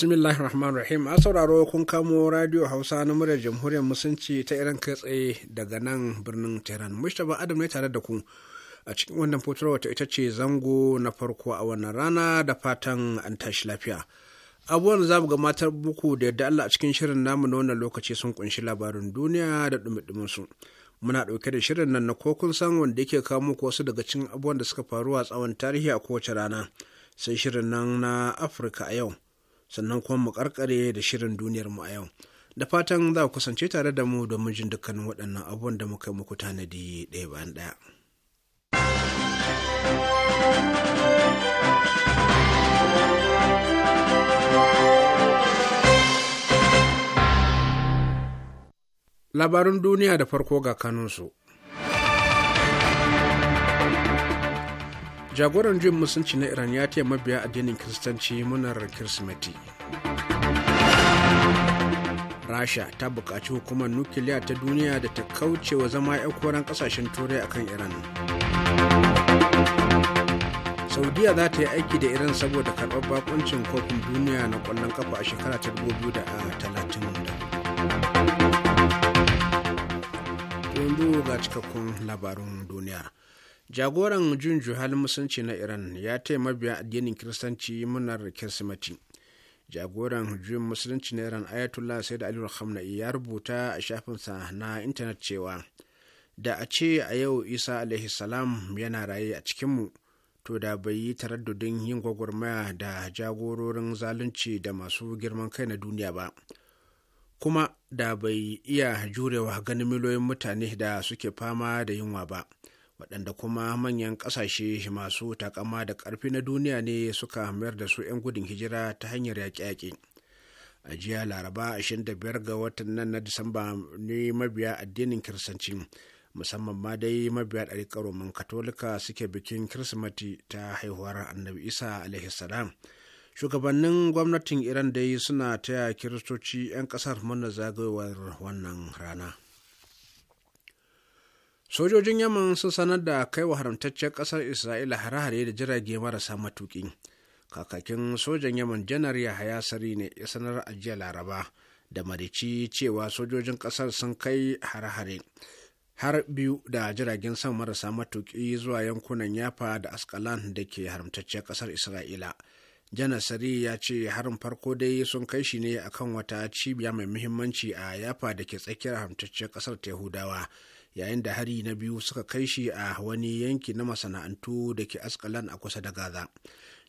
bismillahir rahmanir rahim a sauraro kun kamo radio hausa na murar jamhuriyar musulunci ta iran kai tsaye daga nan birnin tehran mustapha adam ne tare da ku a cikin wannan fotowar ta ita ce zango na farko a wannan rana da fatan an tashi lafiya abubuwan za mu matar buku da yadda allah a cikin shirin namu na wannan lokaci sun kunshi labarin duniya da dumi su muna ɗauke da shirin nan na kokun san wanda yake kamo ko wasu daga cikin abubuwan da suka faru a tsawon tarihi a kowace rana sai shirin nan na afirka a yau sannan kuma mu karkare da shirin duniyar mu a yau da fatan za ku kusance tare da mu domin jin dukkanin waɗannan abubuwan da muka muku tanadi ɗaya bayan ɗaya. Labarin duniya da farko ga kanunsu. jagoran juyin musulunci na iran ya taya mabiya addinin kiristanci munar kirsimeti rasha ta buƙaci hukumar nukiliya ta duniya da ta kauce wa zama 'yan ƙasashen turai akan iran saudiya za ta yi aiki da iran saboda karɓar bakuncin kofin duniya na ƙwallon kafa a shekara ta 2030 yanzu ga cikakkun labarun duniya jagoran jun juhal musulunci na iran ya taya mabiya addinin kiristanci munar kirsimati jagoran juyin musulunci na iran ayatollah sayyid ali khamenei ya rubuta a shafinsa na intanet cewa da a ce a yau isa alaihi salam yana raye a cikinmu to da bai yi taraddudin yin gwagwarmaya da jagororin zalunci da masu girman kai na duniya ba kuma da bai iya jurewa ganin miliyoyin mutane da suke fama da yunwa ba waɗanda kuma manyan ƙasashe masu takama da ƙarfi na duniya ne suka mayar da su 'yan gudun hijira ta hanyar yaƙe-yaƙe a jiya laraba 25 ga watan nan na disamba ne mabiya addinin kirsanci musamman ma dai mabiya ɗari roman katolika suke bikin kirsimati ta haihuwar annabi isa alaihissalam shugabannin gwamnatin iran dai suna taya kiristoci 'yan ƙasar mana zagayowar wannan rana sojojin yaman sun sanar da kai wa haramtaccen ƙasar isra'ila hare-hare da jirage marasa matuƙi kakakin sojan yaman janar yahaya sari ne ya sanar a jiya laraba da marici cewa sojojin ƙasar sun kai hare-hare har biyu da jiragen san marasa matuƙi zuwa yankunan yafa da askalan da ke haramtacciyar ƙasar isra'ila janar sari ya ce harin farko dai sun kai shi ne akan wata cibiya mai muhimmanci a yafa da ke tsakiyar haramtacciyar ƙasar ta yahudawa yayin da hari na biyu suka kai shi a wani yanki na masana'antu da ke askalan a kusa da gaza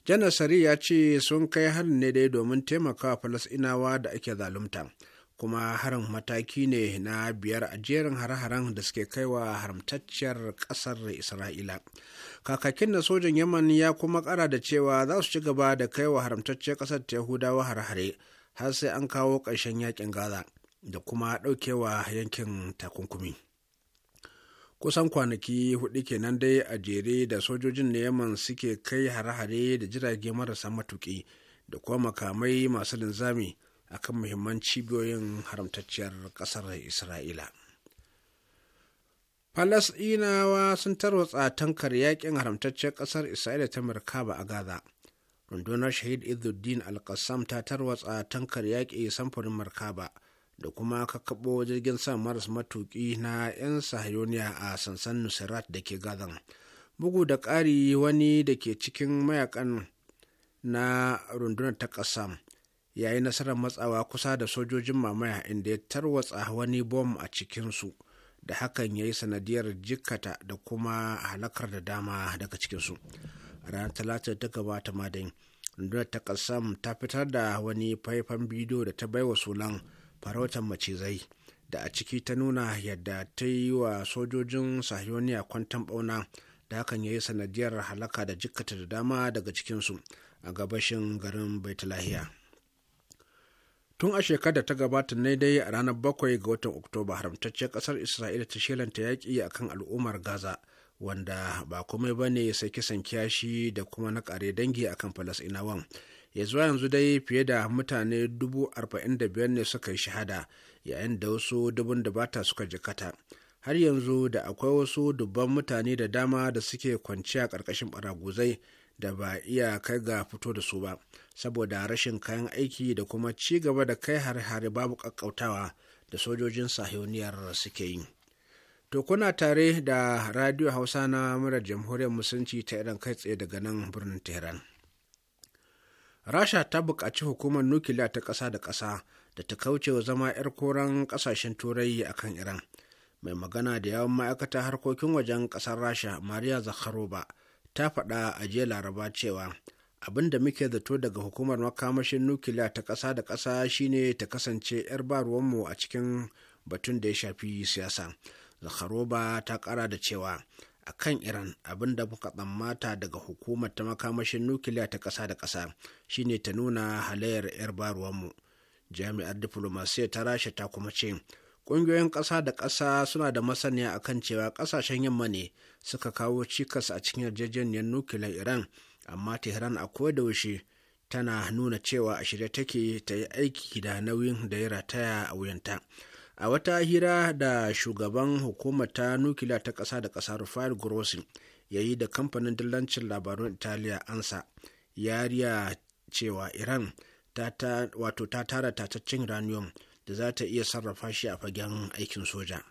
janar sari ya ce sun kai harin ne dai domin taimakawa falasinawa da ake zalumta kuma harin mataki ne na biyar a jerin hare-haren da suke kaiwa haramtacciyar kasar isra'ila kakakin na sojan yaman ya kuma kara da cewa za su ci gaba da kaiwa haramtacciyar kasar ta yahudawa hare-hare har sai an kawo ƙarshen yakin gaza da kuma ɗaukewa yankin takunkumi. kusan kwanaki hudu kenan dai a jere da sojojin na yaman suke kai hare-hare da jirage marasa matuƙi da kuma makamai masu linzami akan muhimman cibiyoyin haramtacciyar ƙasar isra'ila falasɗinawa sun tarwatsa tankar yakin haramtacciyar ƙasar isra'ila ta merkaba a gaza rundunar shahid izuddin al ta tarwatsa tankar yaƙi samfurin merkaba da kuma kakkaɓo jirgin sa maras matuƙi na 'yan sahayoniya a sansan nusrat da ke gazan bugu da ƙari wani da ke cikin mayakan na rundunar ta ƙasa ya yi nasarar matsawa kusa da sojojin mamaya inda ya tarwatsa wani bom a cikinsu da hakan ya yi sanadiyar jikata da kuma halakar da dama daga cikinsu a ranar talata ta gabata madin rundunar ta ƙasam ta fitar da wani faifan bidiyo da ta baiwa sunan farautar macizai da a ciki ta nuna yadda ta yi wa sojojin sahiyoniya kwantan bauna da hakan ya yi sanadiyar halaka da jikkata da dama daga cikinsu a gabashin garin baitulahiya tun a shekarar da ta gabata ne dai a ranar bakwai ga watan oktoba haramtacciyar kasar isra'ila ta shelanta yaƙi a kan al'ummar gaza wanda ba komai ba ne sai kisan kiyashi da kuma na kare dangi a kan falasinawan ya zuwa yanzu dai fiye da mutane dubu arba'in da biyar ne suka yi shahada yayin da wasu dubun da bata suka jikata har yanzu da akwai wasu dubban mutane da dama da suke kwanciya ƙarƙashin baraguzai da ba iya kai ga fito da su ba saboda rashin kayan aiki da kuma ci gaba da kai hare-hare babu ƙaƙƙautawa da sojojin sahiyoniyar suke yi to kuna tare da radio hausa na murar jamhuriyar musulunci ta irin kai tsaye daga nan birnin tehran rasha ta buƙaci hukumar nukiliya ta ƙasa da ƙasa da ta kauce wa zama 'yar koren ƙasashen turai a kan iran mai magana da yawan ma'aikata harkokin wajen ƙasar rasha maria zakharova ta faɗa a jiya laraba cewa abin da muke zato daga hukumar makamashin nukiliya ta ƙasa da ƙasa shine ta kasance 'yar baruwanmu a cikin batun da ya shafi siyasa zakharova ta ƙara da cewa a kan iran abin da muka tsammata daga hukumar ta makamashin nukiliya ta ƙasa da ƙasa shine ta nuna halayyar 'yar baruwanmu jami'ar Diplomasiya ta rasha ta kuma ce ƙungiyoyin ƙasa da ƙasa suna da masaniya a kan cewa ƙasashen yamma ne suka kawo cikas a cikin yarjejeniyar nukiliyar iran amma tehran a yaushe tana nuna cewa a shirye take ta yi aiki da nauyin da ya rataya a wuyanta. a wata hira da shugaban hukumar ta nukiliya ta ƙasa da ƙasa rafael grossi ya yi da kamfanin dillancin labarun italiya ansa yariya cewa iran ta wato ta tara tataccen uranium da za ta iya sarrafa shi a fagen aikin soja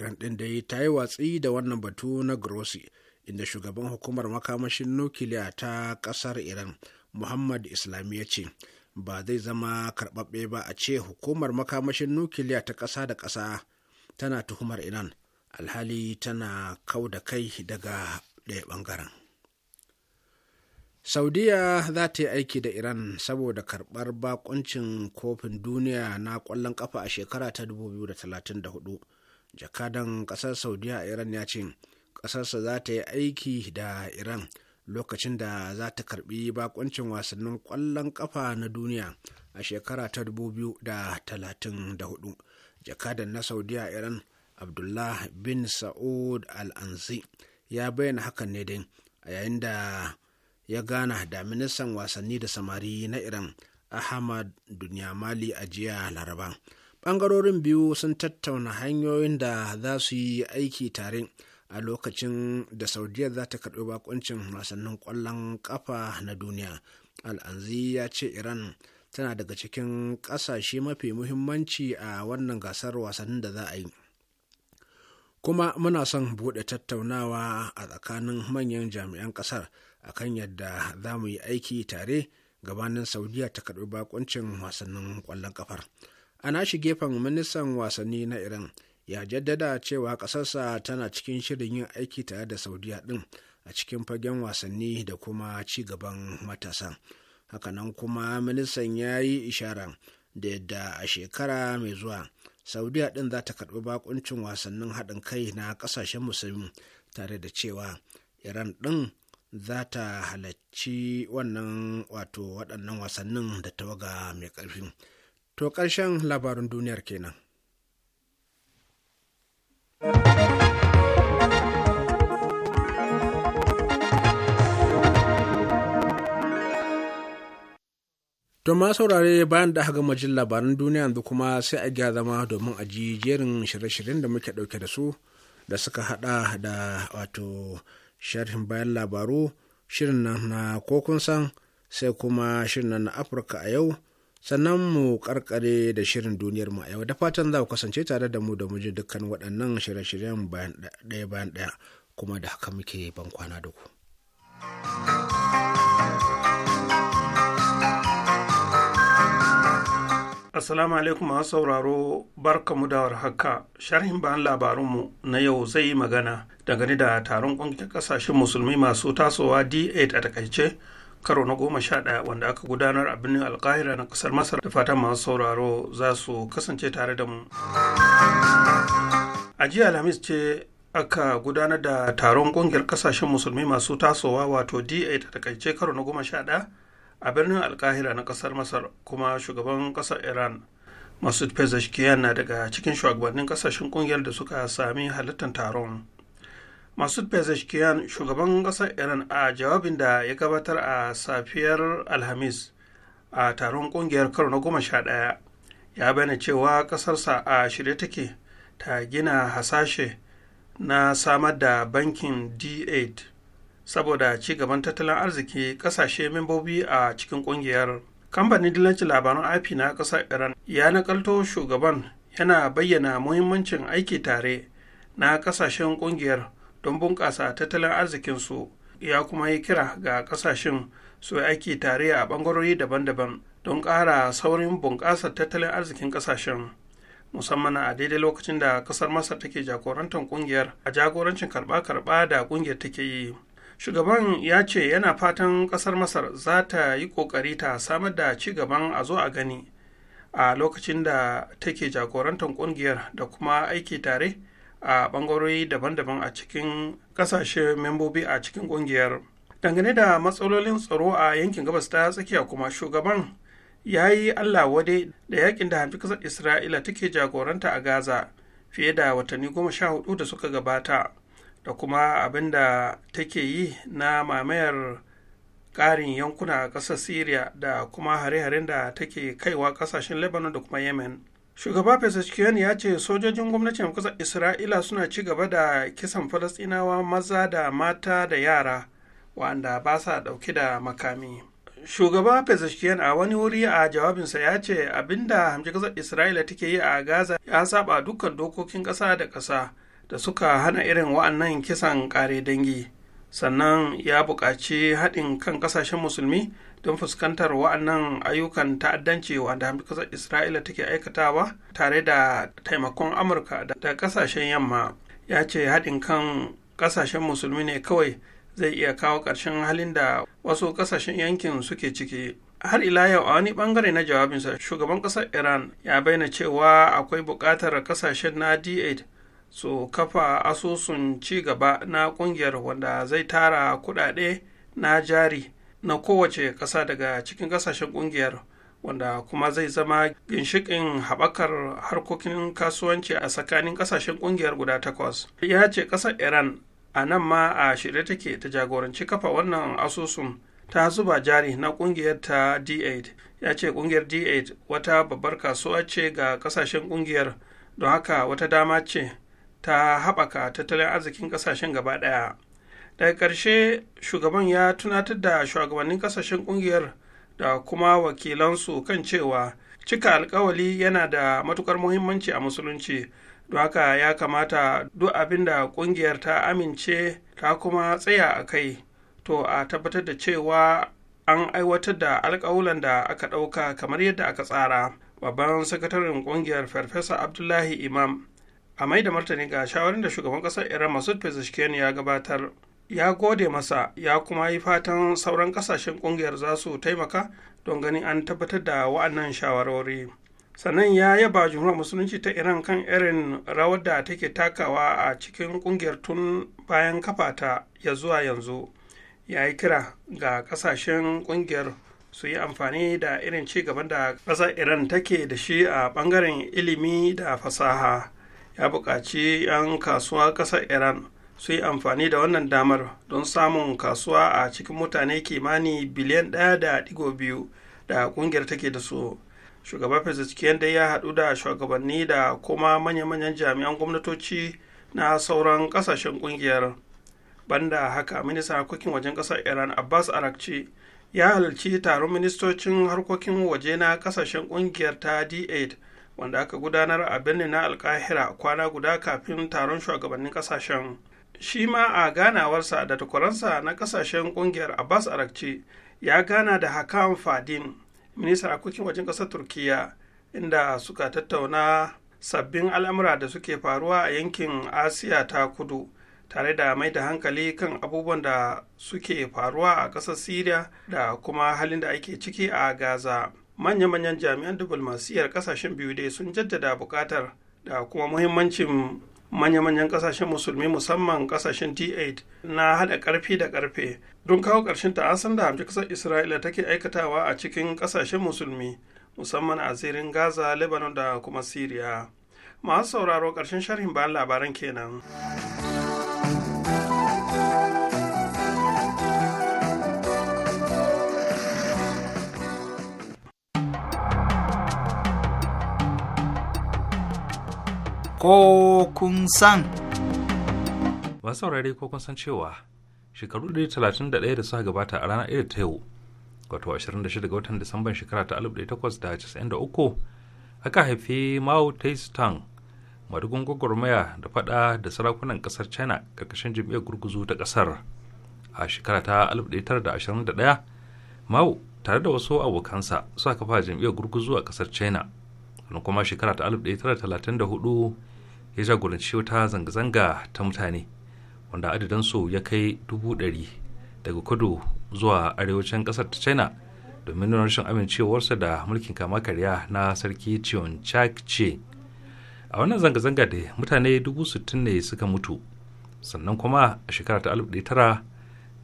iran ɗin dai ta yi watsi da wannan batu na grossi inda shugaban hukumar makamashin nukiliya ta ƙasar iran muhammad islami ya ce ba zai zama karɓaɓɓe ba a ce hukumar makamashin nukiliya ta ƙasa da ƙasa tana tuhumar iran alhali tana kau da kai daga ɗaya ɓangaren saudiya za ta yi aiki da iran saboda karɓar bakuncin kofin duniya na ƙwallon ƙafa a shekara ta 2034 jakadan ƙasar saudiya iran ya ce ƙasarsa za ta yi aiki da iran lokacin da za ta karbi bakoncin wasannin kwallon kafa na duniya a shekara ta 2034 jakadan na saudiya iran abdullah bin sa'ud al-ansi ya bayyana hakan ne dai a yayin da ya gana da ministan wasanni da samari na iran ahmad Duniya-Mali a jiya laraba ɓangarorin biyu sun tattauna hanyoyin da za su yi aiki tare a lokacin da saudiya za ta karɓi bakuncin wasannin ƙwallon ƙafa na duniya al'anzi ya ce iran tana daga cikin ƙasashe mafi muhimmanci a wannan gasar wasannin da za a yi kuma muna son buɗe tattaunawa a tsakanin manyan jami'an ƙasar a kan yadda za mu yi aiki tare gabanin saudiya ta karɓi bakuncin wasannin ƙwallon ƙafar ana shi gefen ministan wasanni na iran ya jaddada cewa ƙasarsa tana cikin shirin yin aiki tare da saudiya ɗin a cikin fagen wasanni da kuma ci gaban matasa hakanan kuma ministan ya yi ishara da yadda a shekara mai zuwa saudiya ɗin za ta karɓi bakuncin wasannin haɗin kai na ƙasashen musulmi tare da cewa iran ɗin za ta halarci wannan wato waɗannan wasannin da tawaga mai ƙarfi to ƙarshen labarin duniyar kenan To ma saurare bayan da aka majin labaran duniya yanzu kuma sai a gya zama domin a ji jerin shirye-shiryen da muke ɗauke da su da suka haɗa da wato sharhin bayan labaru shirin nan na kokun san sai kuma shirin na Afirka a yau sannan mu karkare da shirin duniyar mu a yau da fatan za ku kasance tare da mu da mu ji dukkan waɗannan shirye-shiryen ɗaya bayan ɗaya kuma da haka muke ban kwana da ku. Assalamu alaikum masu sauraro barkamu da warhaka sharhin bayan labarunmu na yau zai yi magana dangane da taron ƙungiyar ƙasashen musulmi masu tasowa D8 a takaice karo na goma sha ɗaya wanda aka gudanar a birnin alkahira na ƙasar masar da fatan masu sauraro za su kasance tare da mu a jiya alhamis ce aka gudanar da taron ƙungiyar kasashen musulmi masu tasowa wato da ta takaice karo na goma sha ɗaya a birnin alkahira na ƙasar masar kuma shugaban ƙasar iran masu pezeshkian na daga cikin shugabannin ƙasashen ƙungiyar da suka sami halittar taron Masud Pezeshkian shugaban ƙasar Iran a jawabin da ya gabatar a safiyar Alhamis a taron ƙungiyar karo na goma sha ɗaya ya bayyana cewa ƙasarsa a shirye take ta gina hasashe na samar da bankin D8 saboda ci gaban tattalin arziki ƙasashe membobi a cikin ƙungiyar. Kamfanin dillancin labaran IP na ƙasar Iran ya nakalto shugaban yana bayyana muhimmancin aiki tare na ƙasashen ƙungiyar. don bunƙasa tattalin arzikinsu ya kuma yi kira ga ƙasashen su aiki tare a ɓangarori daban-daban don ƙara saurin bunƙasar tattalin arzikin ƙasashen musamman a daidai lokacin da ƙasar masar take jagorantar ƙungiyar a jagorancin karɓa-karɓa da ƙungiyar take yi shugaban ya ce yana fatan ƙasar masar za ta yi ƙoƙari ta samar da ci gaban a zo a gani a lokacin da take jagorantar ƙungiyar da kuma aiki tare a bangarori daban-daban a cikin kasashe membobi a cikin kungiyar dangane da matsalolin tsaro a yankin gabas ta tsakiya kuma shugaban ya yi allah wade da yakin da hamfi kasar isra'ila take jagoranta a gaza fiye da watanni goma sha hudu da suka gabata da kuma abin da take yi na mamayar ƙarin yankuna a ƙasar syria da kuma hare-haren da take kaiwa ƙasashen lebanon da kuma yemen shugaba pezeshkian ya ce sojojin gwamnatin kusa isra'ila suna ci gaba da kisan falasɗinawa maza da mata da yara wanda ba sa ɗauke da makami shugaba pezeshkian a wani wuri a jawabinsa ya ce abinda hamji isra'ila take yi a gaza ya saba dukkan dokokin kasa da kasa da suka hana irin wa'annan kisan kare dangi sannan ya buƙaci haɗin kan ƙasashen musulmi don fuskantar wa'annan ayyukan ta'addanci wanda kasar isra'ila take aikatawa tare da taimakon amurka da kasashen yamma ya ce haɗin kan kasashen musulmi ne kawai zai iya kawo ƙarshen halin da wasu kasashen yankin suke ciki har ila yau a wani bangare na jawabinsa shugaban ƙasar iran ya bayyana cewa akwai buƙatar kasashen na d8 su kafa asusun ci gaba na ƙungiyar wanda zai tara kuɗaɗe na jari na kowace ƙasa daga cikin ƙasashen ƙungiyar wanda kuma zai zama ginshiƙin haɓakar harkokin kasuwanci a tsakanin ƙasashen ƙungiyar guda takwas ya ce ƙasar iran a nan ma a shirye take ta jagoranci kafa wannan asusun ta zuba jari na ƙungiyar ta d8 ya ce ƙungiyar d8 wata babbar kasuwa ce ga ƙasashen ƙungiyar don haka wata dama ce ta haɓaka tattalin arzikin ƙasashen gaba ɗaya daga ƙarshe shugaban ya tunatar da shugabannin kasashen ƙungiyar da kuma wakilansu kan cewa cika alkawali yana da matukar muhimmanci a musulunci don haka ya kamata duk abin da ƙungiyar ta amince ta kuma tsaya a kai to a tabbatar da cewa an aiwatar da alkawulan da aka ɗauka kamar yadda aka tsara babban sakataren ƙungiyar farfesa abdullahi imam a mai da martani ga shawarin da shugaban ƙasar iran masud pezeshkian ya gabatar ya gode masa ya kuma yi fatan sauran kasashen kungiyar za su taimaka don ganin an tabbatar da wa'annan shawarwari sannan ya yaba jumhuriyar musulunci ta iran kan irin rawar da take takawa a cikin kungiyar tun bayan kafata ya zuwa yanzu ya yi kira ga kasashen kungiyar su yi amfani da irin ci gaban da ƙasar iran take da shi a ɓangaren ilimi da fasaha ya buƙaci 'yan kasuwa ƙasar iran su yi amfani da wannan damar don samun kasuwa a cikin mutane kimani biliyan ɗaya da ɗigo biyu da ƙungiyar take da su shugaban fezikiyan dai ya haɗu da shugabanni da kuma manya-manyan jami'an gwamnatoci na sauran ƙasashen ƙungiyar banda haka ministan harkokin wajen ƙasar iran abbas arakci ya halarci taron ministocin harkokin waje na ƙasashen ƙungiyar ta d8 wanda aka gudanar a birnin na alkahira kwana guda kafin taron shugabannin ƙasashen shi ma a ganawarsa da takwaransa na kasashen kungiyar abbas arakci ya gana da hakan fadin ministan harkokin wajen ƙasar Turkiyya, inda suka tattauna sabbin al'amura da suke faruwa a yankin asiya ta kudu tare da mai da hankali kan abubuwan da suke faruwa a ƙasar syria da kuma halin da ake ciki a gaza manya-manyan jami'an diflomasiyyar ƙasashen biyu dai sun jaddada buƙatar da kuma muhimmancin manya-manyan kasashen musulmi musamman kasashen t8 na hada karfi da karfe don kawo ƙarshen ta'asan da hamshe kasar isra'ila take aikatawa a cikin kasashen musulmi musamman a zirin gaza lebanon da kuma syria masu sauraro ƙarshen sharhin bayan labaran kenan. ko kun san. Masu saurare ko kun san cewa shekaru 131 da suka gabata a ranar irin ta yau, wato 26 ga watan Disamban shekara ta 1893 aka haifi Mao Tse Tung, madugun gwagwarmaya da fada da sarakunan kasar China karkashin jami'ar gurguzu ta kasar. A shekara ta 1921, Mao tare da wasu abokansa suka kafa jam'iyyar gurguzu a kasar China. kuma shekara ta 1934 ya jagoranci wata zanga-zanga ta mutane wanda adadinsu ya kai dubu ɗari daga kudu zuwa arewacin ƙasar ta china domin nuna rashin amincewarsa da mulkin kama karya na sarki chion chak ce a wannan zanga-zanga da mutane dubu sittin ne suka mutu sannan kuma a shekara ta alif tara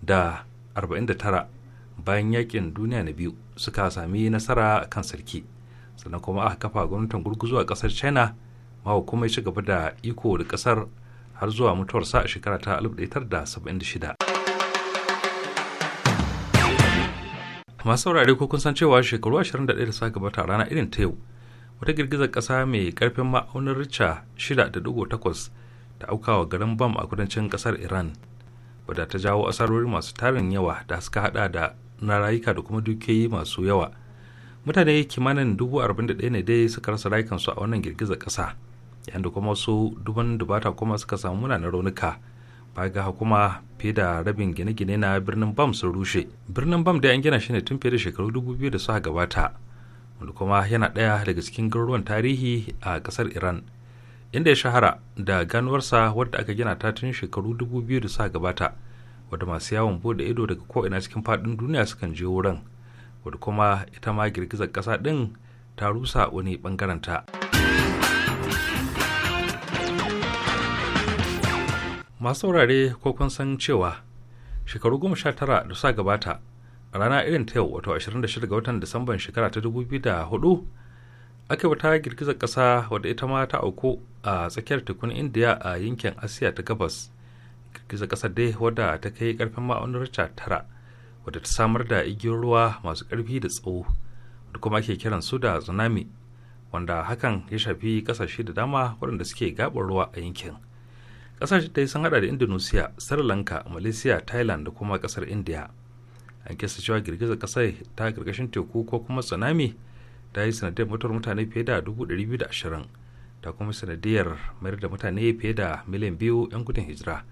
da arba'in da tara bayan yakin duniya na biyu suka sami nasara kan sarki sannan kuma aka kafa gwamnatin gurguzu a ƙasar china mawa kuma ya ci gaba da iko da kasar har zuwa mutuwarsa a shekara ta 1976 masu saurare ko kun san cewa shekaru 21 da suka gabata rana irin ta yau wata girgizar kasa mai karfin ma'aunin rica 6.8 ta auka wa garin bam a kudancin kasar iran wadda ta jawo asarori masu tarin yawa da suka hada da na rayuka da kuma dukiyoyi masu yawa mutane kimanin dubu arba'in da ɗaya ne dai suka rasa rayukansu a wannan girgizar ƙasa yan da kuma wasu duban dubata kuma suka samu munanan raunuka ba ga kuma fiye da rabin gine-gine na birnin bam sun rushe birnin bam da an gina shi ne tun fiye da shekaru dubu biyu da suka gabata wanda kuma yana ɗaya daga cikin garuruwan tarihi a ƙasar iran inda ya shahara da ganuwarsa wadda aka gina ta tun shekaru dubu biyu da suka gabata wadda masu yawon bude ido daga ko'ina cikin faɗin duniya sukan je wurin wadda kuma ita ma girgizar ƙasa din ta rusa wani ɓangaren ta. masu saurare ko kun san cewa shekaru goma sha tara da sa gabata a rana irin ta yau wato 26 ga watan disamban shekara ta 2004 ake wata girgizar kasa wadda ita ma ta auku a tsakiyar tekun indiya a yankin asiya ta gabas girgizar kasa dai wadda ta kai karfin ma'aunin rica tara wadda ta samar da igiyar ruwa masu karfi da tsawo da kuma ake kiran su da tsunami wanda hakan ya shafi kasashe da dama waɗanda suke gabar ruwa a yankin kasashe yi sun hada da indonesia sri lanka malaysia thailand da kuma kasar india an kesa cewa girgizar kasar ta karkashin teku ko kuma tsunami ta yi sanadiyar mutuwar mutane fiye da 220 ta kuma sanadiyar mayar da mutane fiye da miliyan biyu 'yan gudun hijira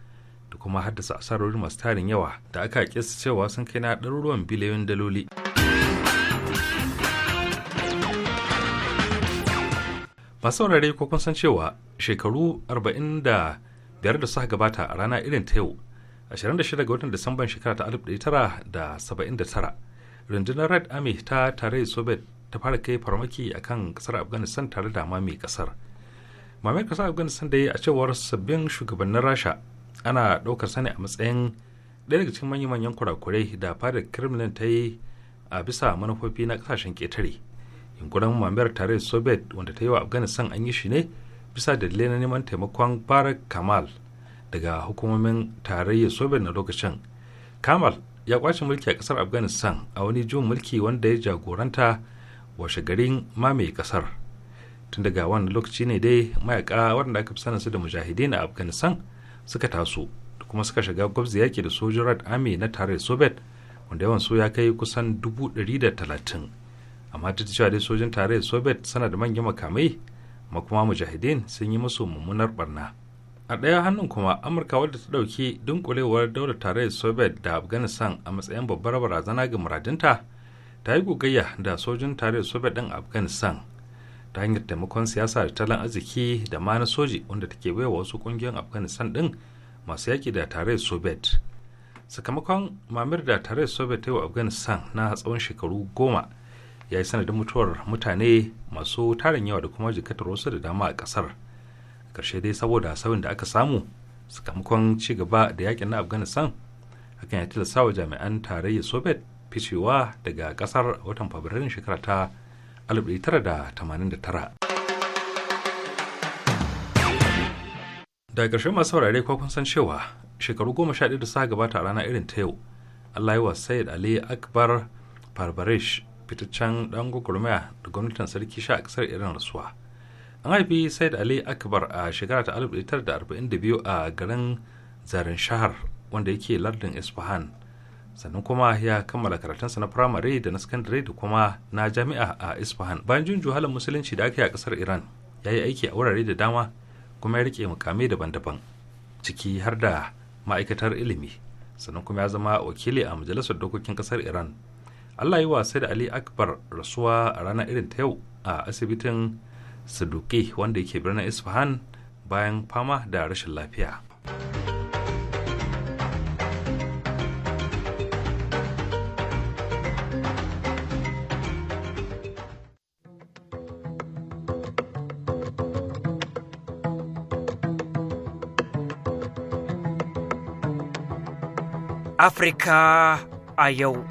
da kuma haddasa asarori masu tarin yawa da aka kesa cewa sun kai na ɗaruruwan biliyoyin daloli masu saurare ko kun san cewa shekaru arba'in da biyar da suka gabata a rana irin ta yau 26 ga watan disamban shekara ta 1979 rundunar red army ta tare soviet ta fara kai farmaki a kan kasar afghanistan tare da mami kasar mamayar kasar afghanistan da yi a cewar sabbin shugabannin rasha ana ɗaukar sani a matsayin ɗaya daga cikin manyan manyan kurakurai da fadar kremlin ta yi a bisa manufofi na kasashen ƙetare yunkurin mamayar tare soviet wanda ta yi wa afghanistan an yi shi ne bisa dalilai na neman taimakon barak kamal daga hukumomin tarayyar soviet na lokacin kamal ya kwace mulki a kasar afghanistan a wani jin mulki wanda ya jagoranta washe garin mamaye kasar tun daga wannan lokaci ne dai mayaka waɗanda aka fi sanin da mujahidi a afghanistan suka taso kuma suka shiga gwabzi yaki da sojin red army na tarayyar soviet wanda yawan su ya kai kusan dubu ɗari da talatin amma duk da cewa dai sojin tarayyar soviet sana da manyan makamai makuma kuma mujahideen sun yi musu mummunar barna a ɗaya hannun kuma amurka wadda ta ɗauki dunkulewar daular tarayyar soviet da afghanistan a matsayin babbar barazana ga muradinta ta yi gogayya da sojin tarayyar soviet ɗin afghanistan ta hanyar taimakon siyasa da talan arziki da ma na soji wanda take baiwa wasu ƙungiyoyin afghanistan ɗin masu yaƙi da tarayyar soviet sakamakon mamir da tarayyar soviet ta yi wa afghanistan na tsawon shekaru goma ya yi sanadin mutuwar mutane masu tarin yawa da kuma jikatar wasu da dama a kasar karshe dai saboda sauyin da aka samu sakamakon ci gaba da yakin na afghanistan hakan ya tilasta wa jami'an tarayyar soviet ficewa daga kasar watan fabrairun shekara ta 1989 daga karshe masu saurare ko kun san cewa shekaru goma sha ɗaya da suka gabata a rana irin ta yau allah yi wa sayyid ali akbar barbarish fitaccen dan gwagwarmaya da gwamnatin sarki sha a kasar iran rasuwa an haifi said ali akbar a shekara ta 1942 a garin zarin shahar wanda yake lardin isfahan sannan kuma ya kammala karatunsa na firamare da na sakandare da kuma na jami'a a isfahan bayan jin juhalin musulunci da aka yi a kasar iran ya yi aiki a wurare da dama kuma ya rike mukamai daban-daban ciki har da ma'aikatar ilimi sannan kuma ya zama wakili a majalisar dokokin kasar iran allah yi wasa da ali akbar rasuwa a ranar irin ta yau a asibitin saduki wanda yake birnin isfahan bayan fama da rashin lafiya Afirka a yau.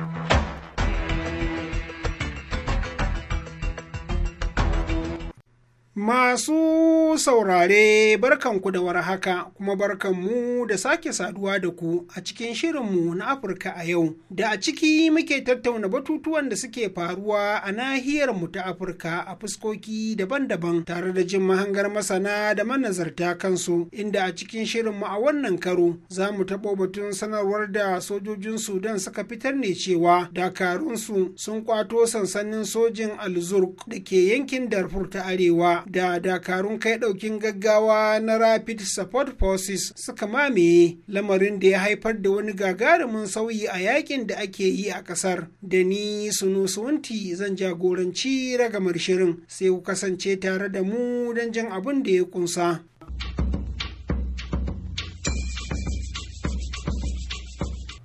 Masu saurare barkanku da war haka kuma barkanmu da sake saduwa da ku a cikin shirin mu na Afirka a yau da a ciki muke tattauna batutuwan da suke faruwa a nahiyarmu ta Afirka a fuskoki daban-daban tare da jin mahangar masana da manazarta kansu inda a cikin shirin mu a wannan karo za mu taɓo batun sanarwar da sojojin Sudan suka fitar ne cewa dakarunsu sun kwato sansanin sojin Alzurk da ke yankin Darfur ta Arewa da dakarun kai daukin gaggawa na rapid support forces suka mamaye lamarin da ya haifar da wani gagarumin sauyi a yakin da ake yi a kasar da ni sunusunti zan jagoranci ragamar shirin sai ku kasance tare da mu don jan abin da ya kunsa.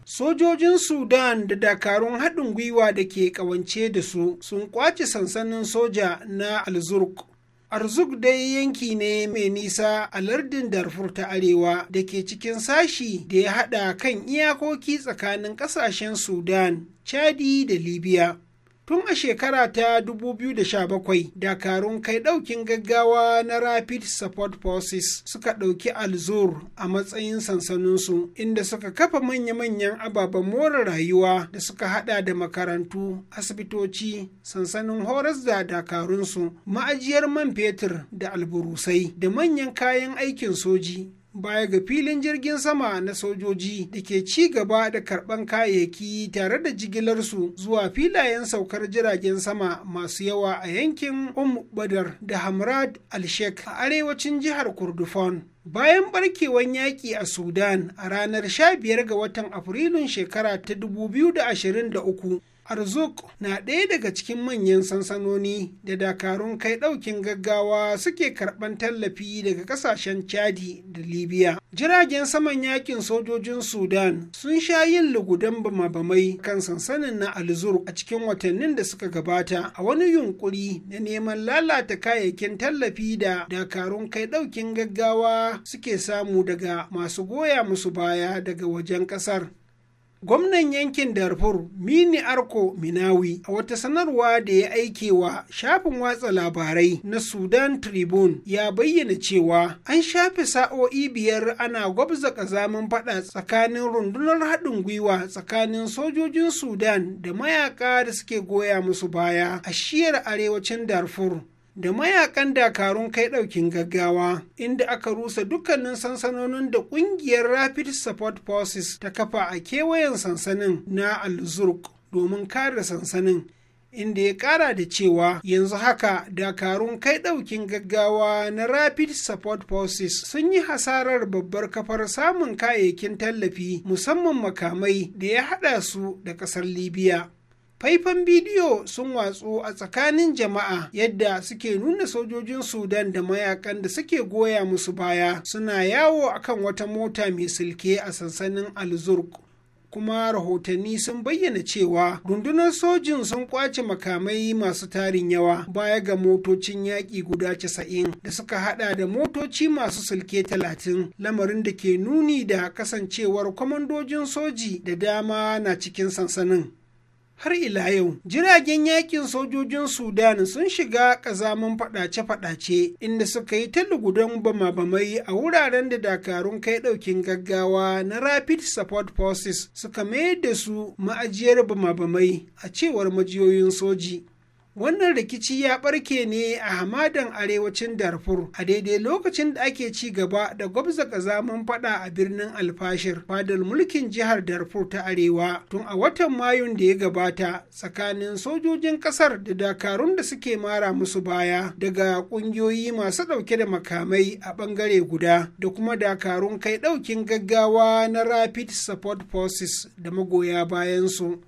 sojojin sudan da dakarun haɗin gwiwa da ke ƙawance da su sun kwace sansanin soja na alzurk Arzuk dai yanki ne mai nisa a lardin Darfur ta Arewa da ke cikin sashi da ya haɗa kan iyakoki tsakanin ƙasashen Sudan, Chadi da Libya. tun a shekara ta 2017 dakarun kai daukin gaggawa na rapid support forces suka ɗauki alzur a matsayin sansaninsu inda suka kafa manya-manyan ababen more rayuwa da suka hada da makarantu asibitoci sansanin horas da dakarunsu ma'ajiyar man fetur da alburusai da manyan kayan aikin soji baya ga filin jirgin sama na sojoji da ke ci gaba da karɓan kayayyaki tare da jigilarsu zuwa filayen saukar jiragen sama masu yawa a yankin Umm Badar da Hamrad alshek a arewacin jihar Kurdufan. Bayan barkewan yaƙi a Sudan a ranar 15 ga watan Afrilun shekara ta 2023 Arzuk na ɗaya daga cikin manyan sansanoni da dakarun kai ɗaukin gaggawa suke karɓan tallafi daga ƙasashen Chadi da Libya. Jiragen saman yakin sojojin Sudan sun sha yin lugudan bama-bamai kan sansanin na Alzur a cikin watannin da suka gabata a wani yunƙuri, na neman lalata kayayyakin tallafi da dakarun kai ɗaukin gaggawa suke samu daga masu goya musu baya daga wajen ƙasar. Gwamnan yankin Darfur Mini Arko Minawi a wata sanarwa da ya aike wa shafin watsa labarai na Sudan Tribune ya bayyana cewa an shafe sa'o'i biyar ana gwabza kazamin faɗa tsakanin rundunar haɗin gwiwa tsakanin sojojin Sudan da mayaka da suke goya musu baya a shiyar arewacin Darfur. da mayakan dakarun kai ɗaukin gaggawa inda aka rusa dukkanin sansanonin da ƙungiyar rapid support forces ta kafa a kewayen sansanin na alzurk domin kare sansanin inda ya kara da cewa yanzu haka dakarun kai daukin gaggawa na rapid support forces sun yi hasarar babbar kafar samun kayayyakin tallafi musamman makamai da ya hada su da kasar libya faifan bidiyo sun watsu a tsakanin jama'a yadda suke nuna sojojin sudan da mayakan da suke goya musu baya suna yawo akan wata mota mai silke a sansanin alzurk kuma rahotanni sun bayyana cewa rundunar sojin sun kwace makamai masu tarin yawa baya ga motocin yaƙi guda casa'in da suka hada da motoci masu sulke talatin lamarin da ke nuni da kasancewar kwamandojin soji da dama na cikin sansanin har ila yau jiragen yakin sojojin sudan sun shiga kazaman fadace-fadace inda suka yi ta lugudan bama-bamai a wuraren da dakarun kai daukin gaggawa na rapid support forces suka mayar da su ma'ajiyar bama-bamai a cewar majiyoyin soji Wannan rikici ya ɓarke ne a hamadan arewacin Darfur a daidai lokacin da ake ci gaba da gwabza ƙazamin faɗa a birnin Alfashir, fadar mulkin jihar Darfur ta Arewa tun a watan Mayun da ya gabata tsakanin sojojin ƙasar da dakarun da suke mara musu baya daga ƙungiyoyi masu ɗauke da makamai a ɓangare guda da kuma dakarun kai ɗaukin gaggawa na Rapid Support Forces da magoya bayansu.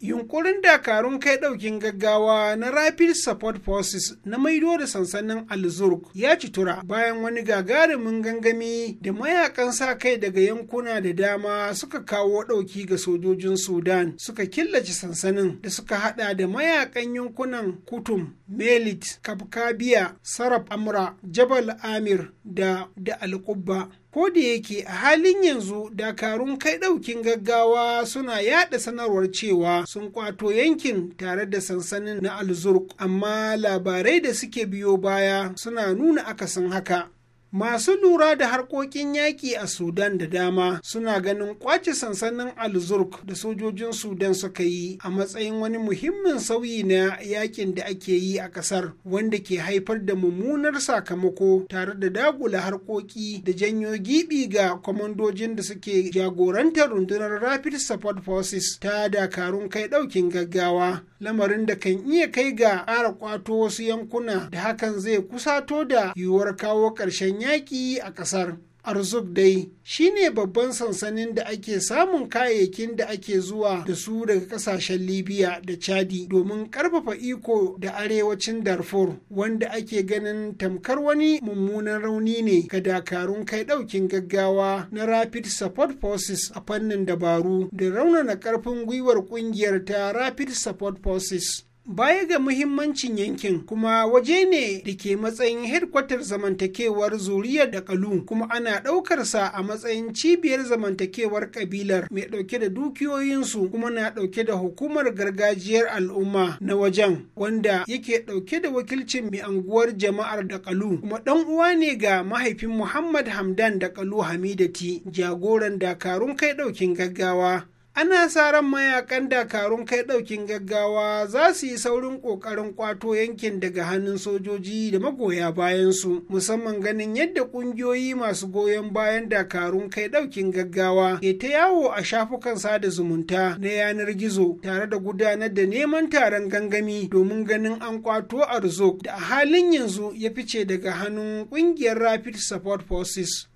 yunkurin dakarun kai daukin gaggawa na rapid support forces na maido da sansanin alzurk ya ci tura bayan wani gagarumin gangami da mayakan sa kai daga yankuna da dama suka kawo dauki ga sojojin sudan suka killace sansanin da suka hada da mayakan yankunan kutum melit kabkabiya sarab amra jabal amir da da alƙubba ko da yake a halin yanzu dakarun kai ɗaukin gaggawa suna yada sanarwar cewa sun kwato yankin tare da sansanin na alzurk amma labarai da suke biyo baya suna nuna akasin haka Masu lura da harkokin yaƙi a Sudan da dama suna ganin ƙwace sansanin Al-Zurk da sojojin Sudan suka yi a matsayin wani muhimmin sauyi na yakin da ake yi a ƙasar wanda ke haifar da mummunar sakamako tare da dagula harkoki da janyo gibi ga kwamandojin da suke jagorantar rundunar Rapid Support Forces ta dakarun kai ɗaukin gaggawa. Lamarin da kan iya kai ga ƙara ƙwato wasu yankuna da hakan zai kusato da yiwuwar kawo ƙarshen yaƙi a ƙasar. Arzuk dai shine babban sansanin da ake samun kayayyakin da ake zuwa da su daga kasashen Libya da Chadi domin ƙarfafa iko da arewacin Darfur wanda ake ganin tamkar wani mummunan rauni ne ga dakarun kai ɗaukin gaggawa na Rapid Support Forces a fannin dabaru da raunana ƙarfin gwiwar ƙungiyar ta Rapid Support Forces. baya ga muhimmancin yankin kuma waje ne da ke matsayin hedkwatar zamantakewar zuriya da kalu kuma ana ɗaukarsa a matsayin cibiyar zamantakewar kabilar mai ɗauke da dukiyoyinsu kuma na ɗauke da hukumar gargajiyar al'umma na wajen wanda yake ɗauke da wakilcin mai anguwar jama'ar da kalu kuma ɗan uwa ne ga mahaifin muhammad hamdan da kalu hamidati jagoran dakarun kai ɗaukin gaggawa ana sa ran mayakan dakarun kai ɗaukin gaggawa za su yi saurin ƙoƙarin ƙwato yankin daga hannun sojoji da magoya bayansu musamman ganin yadda ƙungiyoyi masu goyon bayan dakarun kai ɗaukin gaggawa ke ta yawo a shafukan sada zumunta na yanar gizo tare da gudanar da neman taron gangami domin ganin an ƙwato arzok da a halin yanzu ya fice daga hannun ƙungiyar rapid support forces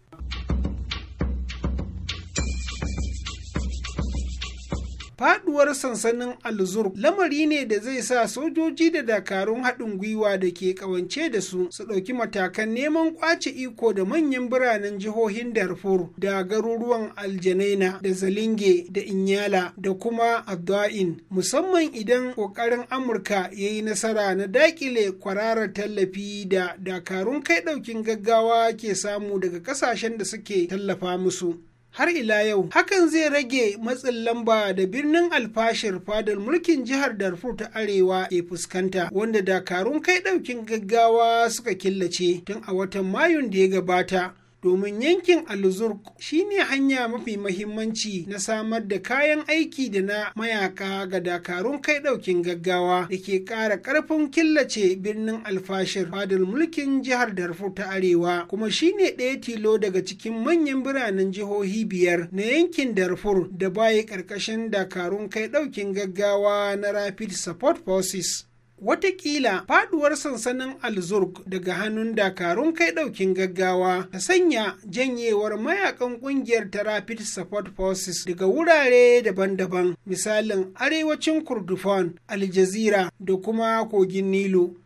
faduwar sansanin alzur lamari ne da zai sa sojoji da dakarun haɗin gwiwa da ke ƙawance da su su ɗauki matakan neman ƙwace iko da manyan biranen jihohin darfur da garuruwan aljanaina da zalinge da inyala da kuma abdu'in musamman idan ƙoƙarin amurka ya yi nasara na daƙile kwararar tallafi da dakarun kai ɗaukin gaggawa ke samu daga ƙasashen da suke tallafa musu har ila yau hakan zai rage matsin lamba da birnin alfashir fadar mulkin jihar darfur ta arewa ke fuskanta wanda dakarun kai daukin gaggawa suka killace tun a watan mayun da ya gabata domin yankin alzurk shine hanya mafi mahimmanci na samar da kayan aiki da na mayaka ga dakarun kai daukin gaggawa da ke ƙara ƙarfin killace birnin alfashir fadar mulkin jihar darfur ta arewa kuma shine ɗaya tilo daga cikin manyan biranen jihohi biyar na yankin darfur da baya ƙarƙashin dakarun kai daukin gaggawa na rapid support forces Wataƙila faɗuwar sansanin Alzurk daga hannun dakarun kai ɗaukin gaggawa ta sanya janyewar mayakan ƙungiyar ta Rapid Support Forces daga wurare daban-daban, misalin arewacin Kurdufan, Aljazira da kuma kogin Nilo.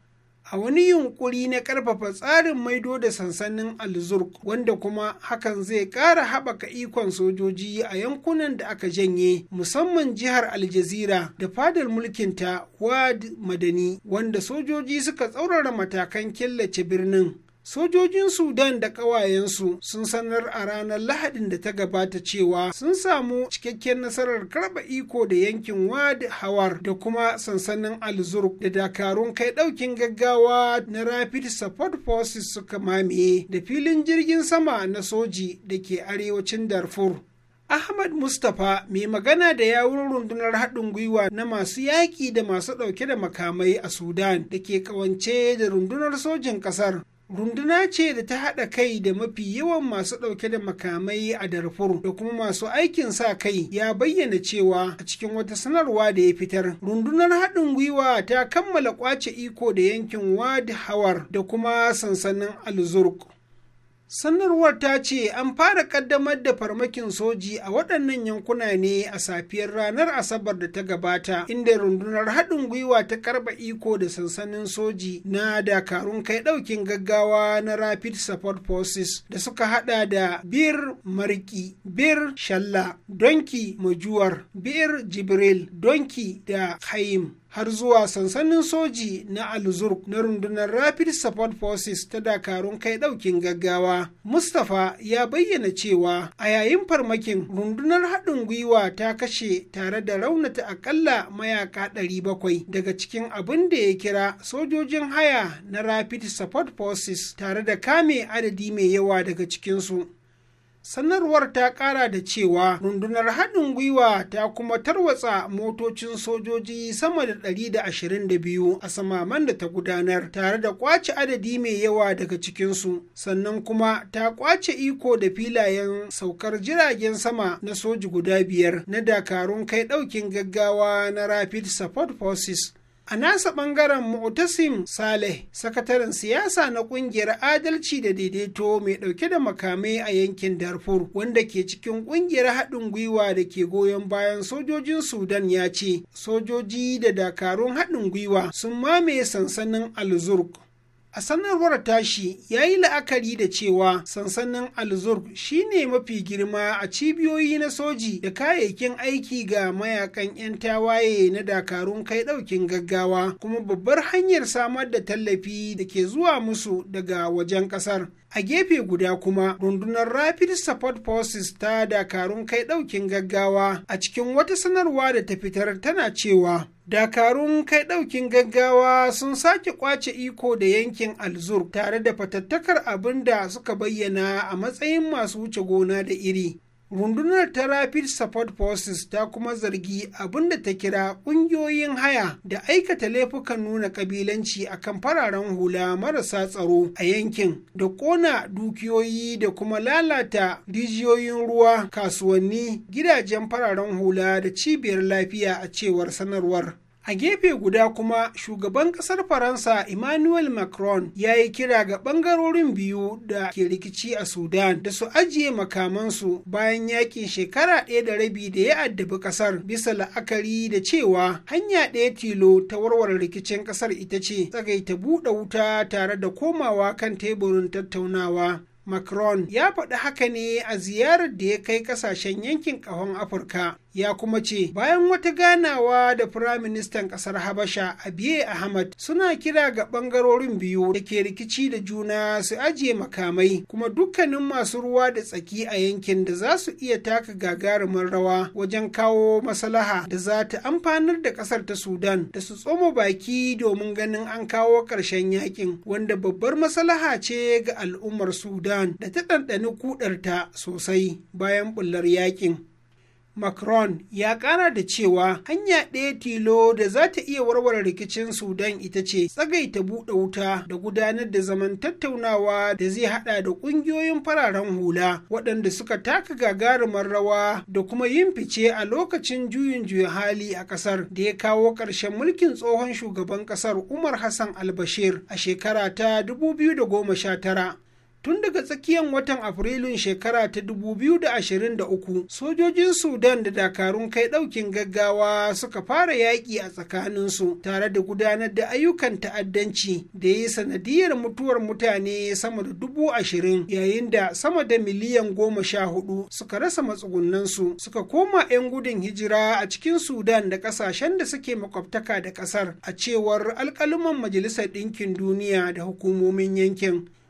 a wani yunkuri na ƙarfafa tsarin maido da sansanin alzurk wanda kuma hakan zai ƙara haɓaka ikon sojoji a yankunan da aka janye musamman jihar aljazira da fadar mulkinta wad madani wanda sojoji suka tsaurara matakan killace birnin Sojojin Sudan da ƙawayensu sun sanar a ranar Lahadin da ta gabata cewa sun samu cikakken nasarar karba iko da yankin Wad Hawar da kuma sansanin Alzurk da dakarun kai ɗaukin gaggawa na Rapid Support Forces suka mamaye da filin jirgin sama na soji da ke arewacin Darfur. Ahmad Mustapha mai magana da yawun rundunar haɗin gwiwa na masu yaƙi da masu ɗauke da makamai a Sudan da ke ƙawance da rundunar sojin ƙasar runduna ce da ta haɗa kai da mafi yawan masu ɗauke da makamai a darfur da kuma masu aikin sa kai ya bayyana cewa a cikin wata sanarwa da ya fitar rundunar haɗin gwiwa ta kammala ƙwace iko da yankin wadi hawar da kuma sansanin alzurk Sanarwar ta ce an fara kaddamar da farmakin soji a waɗannan yankuna ne a safiyar ranar Asabar da ta gabata, inda rundunar haɗin gwiwa ta karɓa iko da sansanin soji na dakarun kai ɗaukin gaggawa na Rapid Support Forces da suka haɗa da Bir Mariki, Bir Shalla, Donki Majuwar, Bir Jibril, Donki da Haim. har zuwa sansanin soji na alzurk na rundunar rapid support forces ta dakarun kai daukin gaggawa mustapha ya bayyana cewa a yayin farmakin rundunar haɗin gwiwa ta kashe tare da raunata akalla mayaka 700 daga cikin abin da ya kira sojojin haya na rapid support forces tare da kame adadi mai yawa daga cikinsu sanarwar ta kara da cewa rundunar haɗin gwiwa ta kuma tarwatsa motocin sojoji sama da 122 a samaman da ta gudanar tare da kwace adadi mai yawa daga cikinsu sannan kuma ta kwace iko da filayen saukar jiragen sama na soji guda biyar na dakarun kai ɗaukin gaggawa na rapid support forces A nasa ɓangaren Mu'tasim Saleh, sakataren siyasa na ƙungiyar adalci da daidaito mai ɗauke da makamai a yankin Darfur, wanda ke cikin ƙungiyar haɗin gwiwa da ke goyon bayan sojojin Sudan ya ce, sojoji da dakarun haɗin gwiwa sun mamaye sansanin al A sanarwar tashi ya yi la'akari da cewa sansanin Alzurb ne mafi girma a cibiyoyi na soji da kayayyakin aiki ga mayakan 'yan tawaye na dakarun kai ɗaukin gaggawa kuma babbar hanyar samar da tallafi da ke zuwa musu daga wajen ƙasar. a gefe guda kuma rundunar rapid support forces ta dakarun kai ɗaukin gaggawa a cikin wata sanarwa da ta fitar tana cewa dakarun kai ɗaukin gaggawa sun sake kwace iko da yankin alzur tare da fatattakar abin da suka bayyana a matsayin masu wuce gona da iri rundunar ta rapid support forces ta kuma zargi abinda ta kira kungiyoyin haya da aikata laifukan nuna kabilanci a kan fararen hula marasa tsaro a yankin da kona dukiyoyi da kuma lalata rijiyoyin ruwa kasuwanni gidajen fararen hula da cibiyar lafiya a cewar sanarwar A gefe guda kuma shugaban ƙasar Faransa Emmanuel Macron ya yi kira ga ɓangarorin biyu da ke rikici a Sudan da su ajiye makamansu bayan yakin shekara ɗaya da rabi da ya addabi ƙasar bisa la'akari da cewa hanya ɗaya tilo ta warware rikicin ƙasar ita ce tsagaita buɗe wuta tare da komawa kan teburin tattaunawa. Macron ya faɗi haka ne a ziyarar da ya kai ƙasashen yankin ƙahon Afirka. ya kuma ce bayan wata ganawa da firaministan ƙasar habasha abiye ahmad suna kira ga ɓangarorin biyu da ke rikici da juna su ajiye makamai kuma dukkanin masu ruwa da tsaki a yankin da za su iya taka gagarumin rawa wajen kawo maslaha da za ta amfanar da ƙasar ta sudan da su tsoma baki domin ganin an kawo ƙarshen yakin wanda babbar maslaha ce ga al'ummar sudan da ta ɗanɗani kudarta sosai bayan bullar yakin Macron ya kara da cewa hanya ɗaya tilo da za ta iya warware rikicin Sudan ita ce tsagaita buɗe wuta da gudanar da zaman tattaunawa da zai haɗa da ƙungiyoyin fararen hula waɗanda suka taka gagarumar rawa da kuma yin fice a lokacin juyin juya hali a ƙasar da ya kawo ƙarshen mulkin tsohon shugaban ƙasar Umar Hassan Albashir a shekara ta 2019. tun daga tsakiyar watan afrilun shekara ta 2023 sojojin sudan da dakarun kai ɗaukin gaggawa suka fara yaƙi a tsakaninsu tare da gudanar da ayyukan ta'addanci da ya yi sanadiyar mutuwar mutane sama da dubu ashirin yayin da sama da miliyan goma sha hudu suka rasa matsugunansu suka koma 'yan gudun hijira a cikin sudan da kasashen da suke makwabtaka da kasar a cewar alkaluman majalisar ɗinkin duniya da hukumomin yankin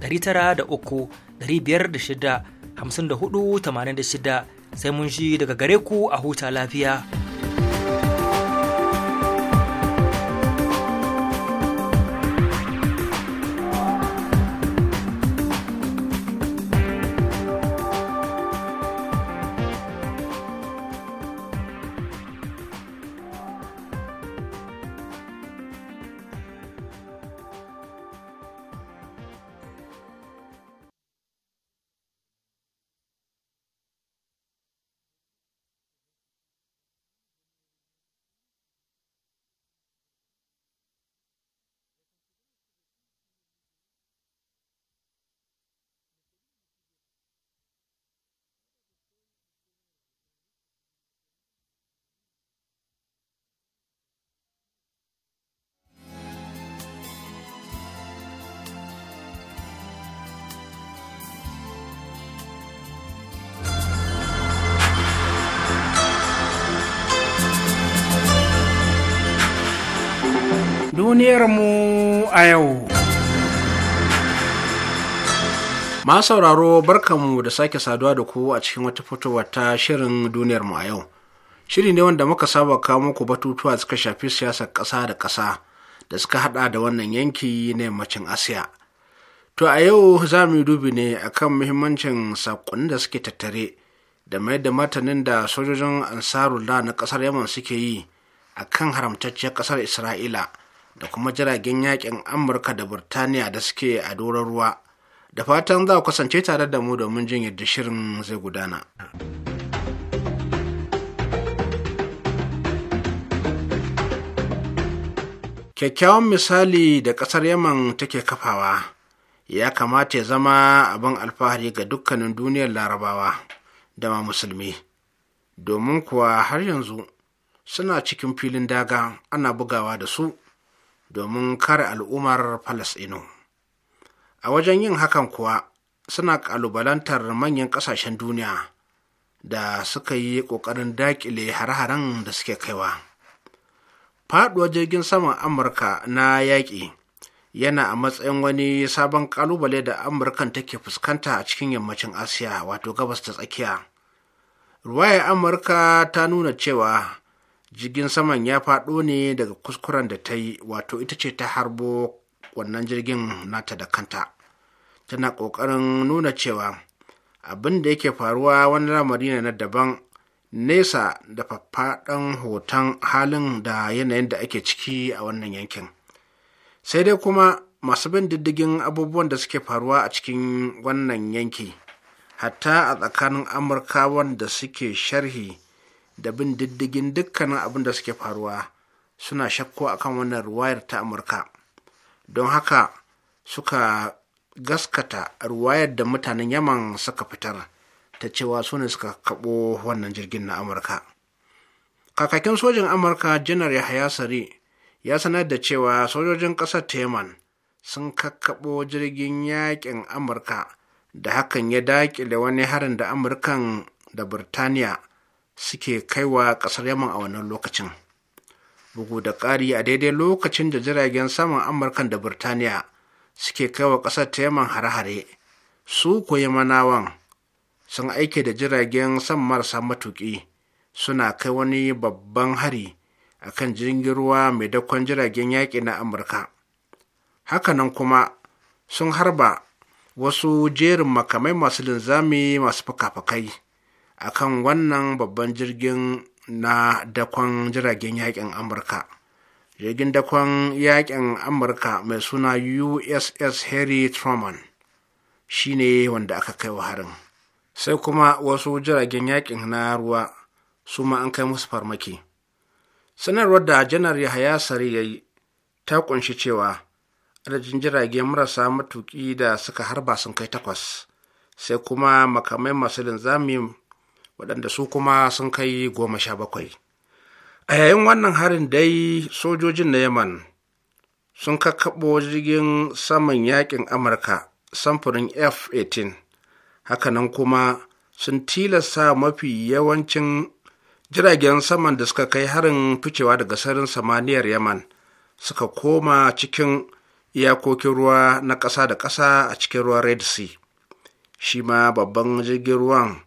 9,500,6,86,86 sai mun shi daga gare ku a huta lafiya. duniyarmu a yau. Ma sauraro barkanmu da sake saduwa da ku a cikin wata fitowa ta shirin duniyarmu a yau. Shiri ne wanda muka saba kawo muku batutuwa suka shafi siyasar ƙasa da ƙasa da suka haɗa da wannan yanki na yammacin Asiya. To a yau za mu dubi ne akan muhimmancin saƙonin da suke tattare da mai da martanin da sojojin ansarullah na ƙasar Yaman suke yi a kan haramtacciyar ƙasar Isra'ila. da kuma jiragen yakin amurka da burtaniya da suke a doron ruwa da fatan za ku kasance tare da mu domin jin yadda shirin zai gudana kyakkyawan misali da ƙasar yaman take kafawa ya kamata ya zama abin alfahari ga dukkanin duniyar larabawa da ma musulmi domin kuwa har yanzu suna cikin filin daga ana bugawa da su domin kare al'ummar falasɗinu a wajen yin hakan kuwa suna ƙalubalantar manyan ƙasashen duniya da suka yi ƙoƙarin daƙile hare-haren da suke kaiwa faɗuwar jirgin saman amurka na yaƙi yana a matsayin wani sabon ƙalubale da amurkan take fuskanta a cikin yammacin asiya wato gabas ta tsakiya ruwaya amurka ta nuna cewa jirgin saman ya faɗo ne daga kuskuren da ta yi wato ita ce ta harbo wannan jirgin nata da kanta tana ƙoƙarin nuna cewa abin da yake faruwa wani lamari ne na daban nesa da faffaɗan hoton halin da yanayin da ake ciki a wannan yankin sai dai kuma masu bin diddigin abubuwan da suke faruwa a cikin wannan yanki hatta a tsakanin Amurka wanda suke sharhi da bin diddigin dukkanin abin da suke faruwa suna shakko a kan wannan ruwayar ta amurka don haka suka gaskata ruwayar da mutanen yaman suka fitar ta cewa su ne suka kaɓo wannan jirgin na amurka kakakin sojin amurka janar yahaya sari ya sanar da cewa sojojin ƙasar yaman sun kakkaɓo jirgin yaƙin amurka da hakan ya daƙile wani harin da amurkan da birtaniya suke kaiwa ƙasar yaman a wannan lokacin bugu da ƙari a daidai lokacin da jiragen saman amurka da birtaniya suke kaiwa ƙasar ta yaman hare-hare su ko yamanawan sun aike da jiragen san marasa matuƙi suna kai wani babban hari a kan jirgin ruwa mai dakon jiragen yaƙi na amurka hakanan kuma sun harba wasu jerin makamai masu linzami masu fakafakai a kan wannan babban jirgin na dakon jiragen yakin amurka jirgin dakon yakin amurka mai suna uss harry truman shi ne wanda aka kai harin sai kuma wasu jiragen yakin na ruwa su ma an kai musu farmaki sanarwar da janar yahaya sare ya yi ta kunshi cewa adadin jirage marasa matuki da suka harba sun kai takwas sai kuma makamai masu linzami waɗanda su kuma sun kai goma sha bakwai a yayin wannan harin dai sojojin na yaman sun kakkaɓo jirgin saman yakin amurka samfurin f-18 hakanan kuma sun tilasta mafi yawancin jiragen saman da suka kai harin ficewa daga sarin samaniyar yaman suka koma cikin iyakokin ruwa na ƙasa da ƙasa a cikin ruwan red sea shi ma babban jirgin ruwan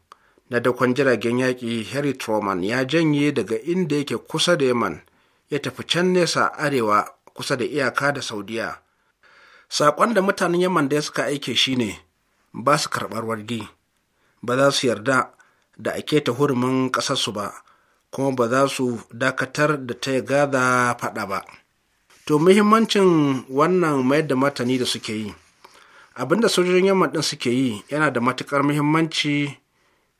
na dakon jiragen yaƙi harry truman ya janye daga inda yake kusa da yaman ya tafi can nesa arewa kusa da iyaka da saudiya saƙon da mutanen yaman da suka aike shi ne ba su karɓar wargi ba za su yarda da a keta hurumin ƙasarsu ba kuma ba za su dakatar da ta gaza faɗa ba to muhimmancin wannan mayar da martani da suke yi abinda sojojin yamma ɗin suke yi yana da matuƙar muhimmanci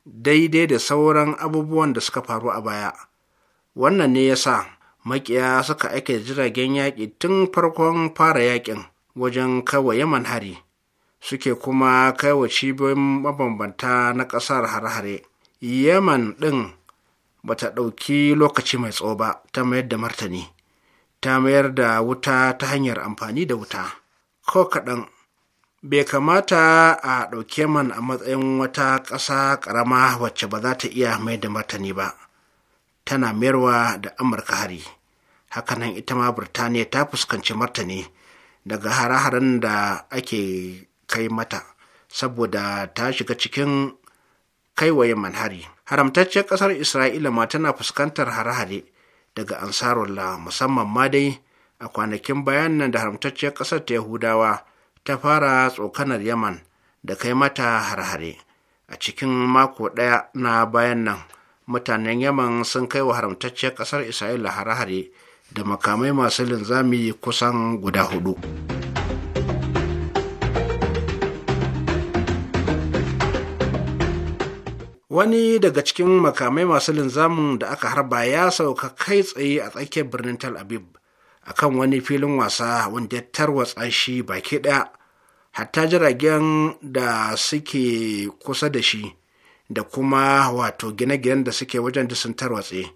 daidai da sauran abubuwan da suka faru a baya wannan ne ya sa makiya suka aika jiragen yaƙi tun farkon fara yaƙin wajen kawo yaman hari suke kuma kaiwa cibiyoyin mabambanta na ƙasar hare hare yaman ɗin ba ta ɗauki lokaci mai tsawo ba ta mayar da martani ta mayar da wuta ta hanyar amfani da wuta ko kaɗan bai kamata a ɗauke man a matsayin wata ƙasa ƙarama wacce ba za ta iya mai da martani ba tana mayarwa da amurka hari hakanan ita ma birtaniya ta fuskanci martani daga hare-haren da ake kai mata saboda ta shiga cikin kaiwaye hari. haramtacciyar ƙasar isra'ila ma tana fuskantar hare-hare daga ansarullah musamman ma dai a kwanakin bayan nan da haramtacciyar ƙasar ta yahudawa ta fara tsokanar yaman da kai mata harhare. a cikin mako ɗaya na bayan nan mutanen yaman sun kai wa haramtacciyar ƙasar isra'ila harhare da makamai masu linzami kusan guda hudu. wani daga cikin makamai masu linzamin da aka harba ya sauka kai tsaye a tsakiyar birnin tel aviv a kan wani filin wasa wanda ya tarwatsa shi baki ɗaya hatta jiragen da suke kusa da shi da kuma wato gine-ginen da suke wajen disin tarwatse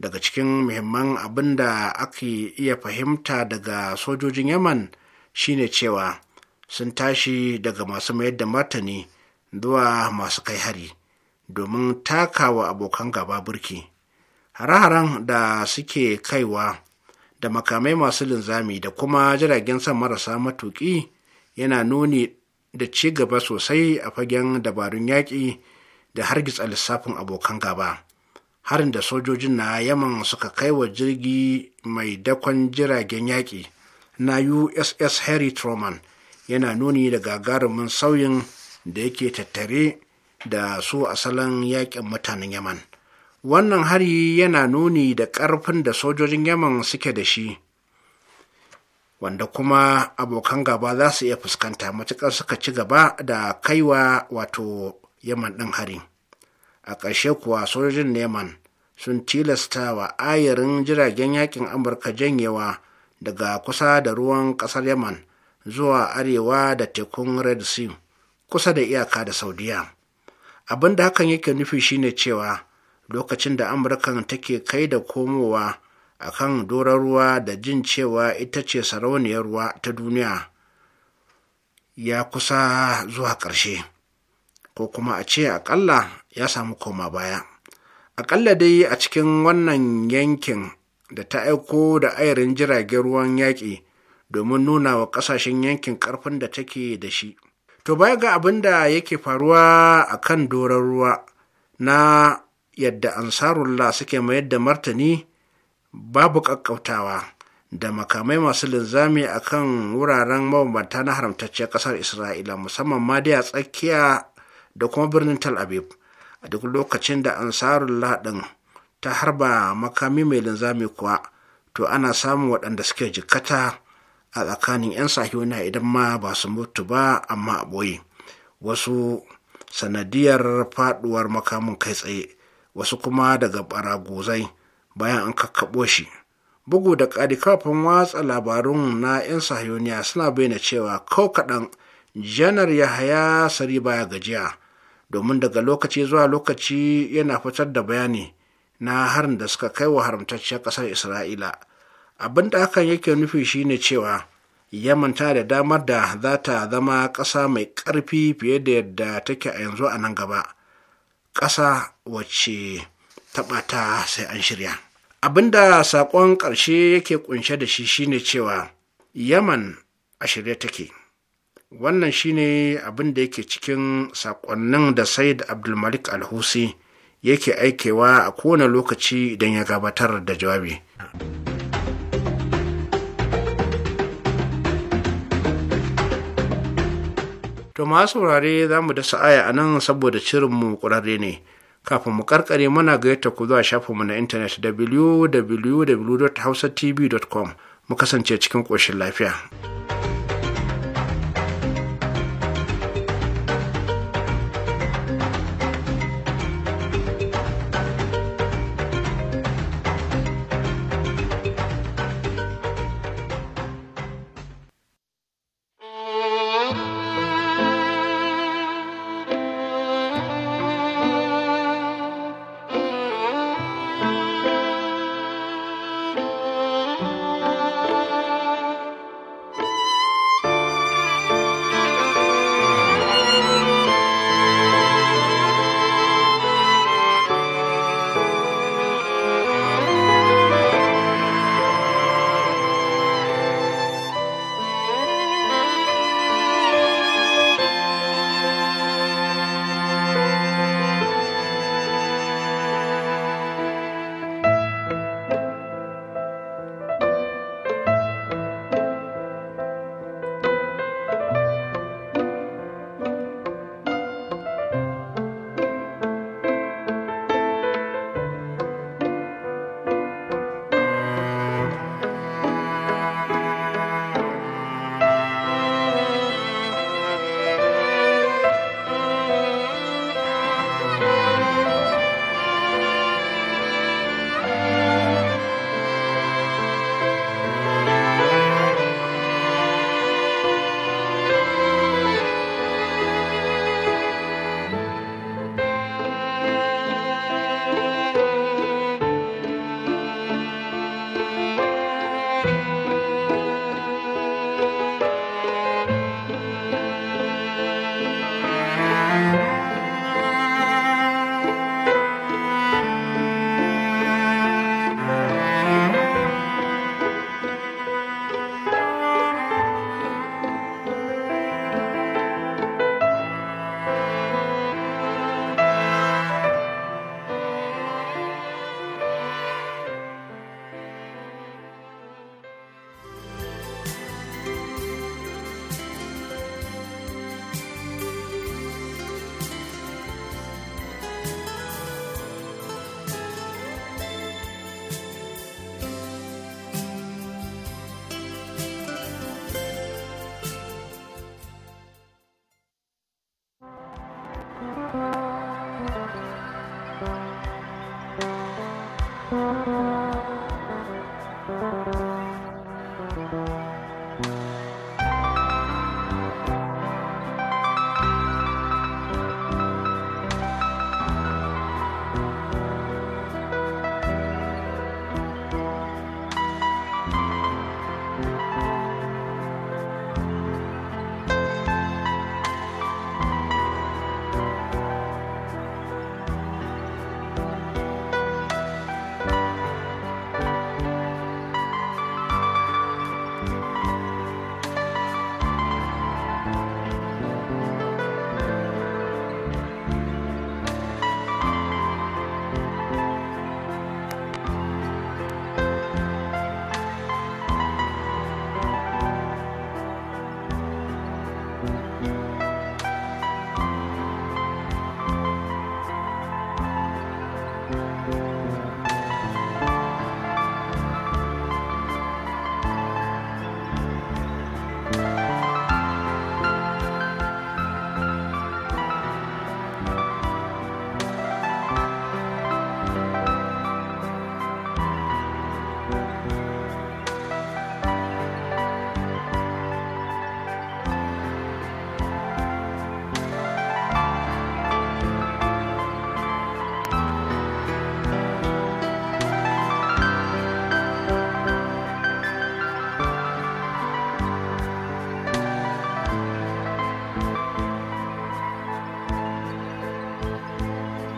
daga cikin muhimman abin da aka iya fahimta daga sojojin yaman shine cewa sun tashi daga masu mayar da martani zuwa masu kai hari domin takawa abokan gaba burki hare-haren da suke kaiwa da makamai masu linzami da kuma jiragen san marasa matuki. yana nuni da ci gaba sosai a fagen dabarun yaƙi da hargitsa lissafin abokan gaba harin da sojojin na yaman suka kai wa jirgi mai dakon jiragen yaƙi na uss harry truman yana nuni da gagarumin sauyin da yake tattare da su asalin yaƙin mutanen yaman wannan hari yana nuni da ƙarfin da sojojin yaman suke da shi wanda kuma abokan gaba za su iya fuskanta matuƙar suka ci gaba da kaiwa wato yaman ɗin hari a ƙarshe kuwa sojojin neman sun tilasta wa ayarin jiragen yakin amurka janyewa daga kusa da ruwan ƙasar yaman zuwa arewa da tekun red sea kusa da iyaka da saudiya abin da hakan yake nufi shine cewa lokacin da amurkan take kai da komowa a kan doron ruwa da jin cewa ita ce sarauniyar ruwa ta duniya ya kusa zuwa ƙarshe ko kuma a ce aƙalla ya samu koma baya aƙalla dai a cikin wannan yankin da ta aiko da ayarin jiragen ruwan yaƙi domin nuna wa ƙasashen yankin ƙarfin da take da shi to baya ga abin da yake faruwa a kan doron ruwa na yadda ansarullah suke mayar da martani babu ƙaƙƙautawa da makamai masu linzami a kan wuraren mabambanta na haramtacciyar ƙasar isra'ila musamman ma dai a tsakiya da kuma birnin tel aviv a duk lokacin da ansarullah laɗin ta harba makami mai linzami kuwa to ana samun waɗanda suke jikkata a tsakanin 'yan sahiyona idan ma ba su mutu ba amma a ɓoye wasu sanadiyar faɗuwar makamin kai tsaye wasu kuma daga baragozai bayan an kakkaɓo shi bugu da ƙari kafin watsa labarun na 'yan sahiyoniya suna bayyana cewa kau kaɗan janar yahaya sari baya gajiya domin daga lokaci zuwa lokaci yana fitar da bayani na harin da suka kai wa haramtacciyar ƙasar isra'ila abin da hakan yake nufi shine cewa ya manta da damar da za ta zama ƙasa mai ƙarfi fiye da yadda take a yanzu a nan gaba ƙasa wacce taɓa ta sai an shirya Abin da saƙon ƙarshe yake ƙunshe da shi shine cewa yaman a shirye take wannan shine abin da yake cikin saƙonnin da said abdulmalik alhusi yake aikewa a kowane lokaci idan ya gabatar da jawabi to masu saurare za mu da sa'aya a nan saboda cirinmu ƙurarre ne kafin mu karkare muna gayyata ku zuwa shafinmu na intanet www.hausatv.com mu kasance cikin ƙoshin lafiya.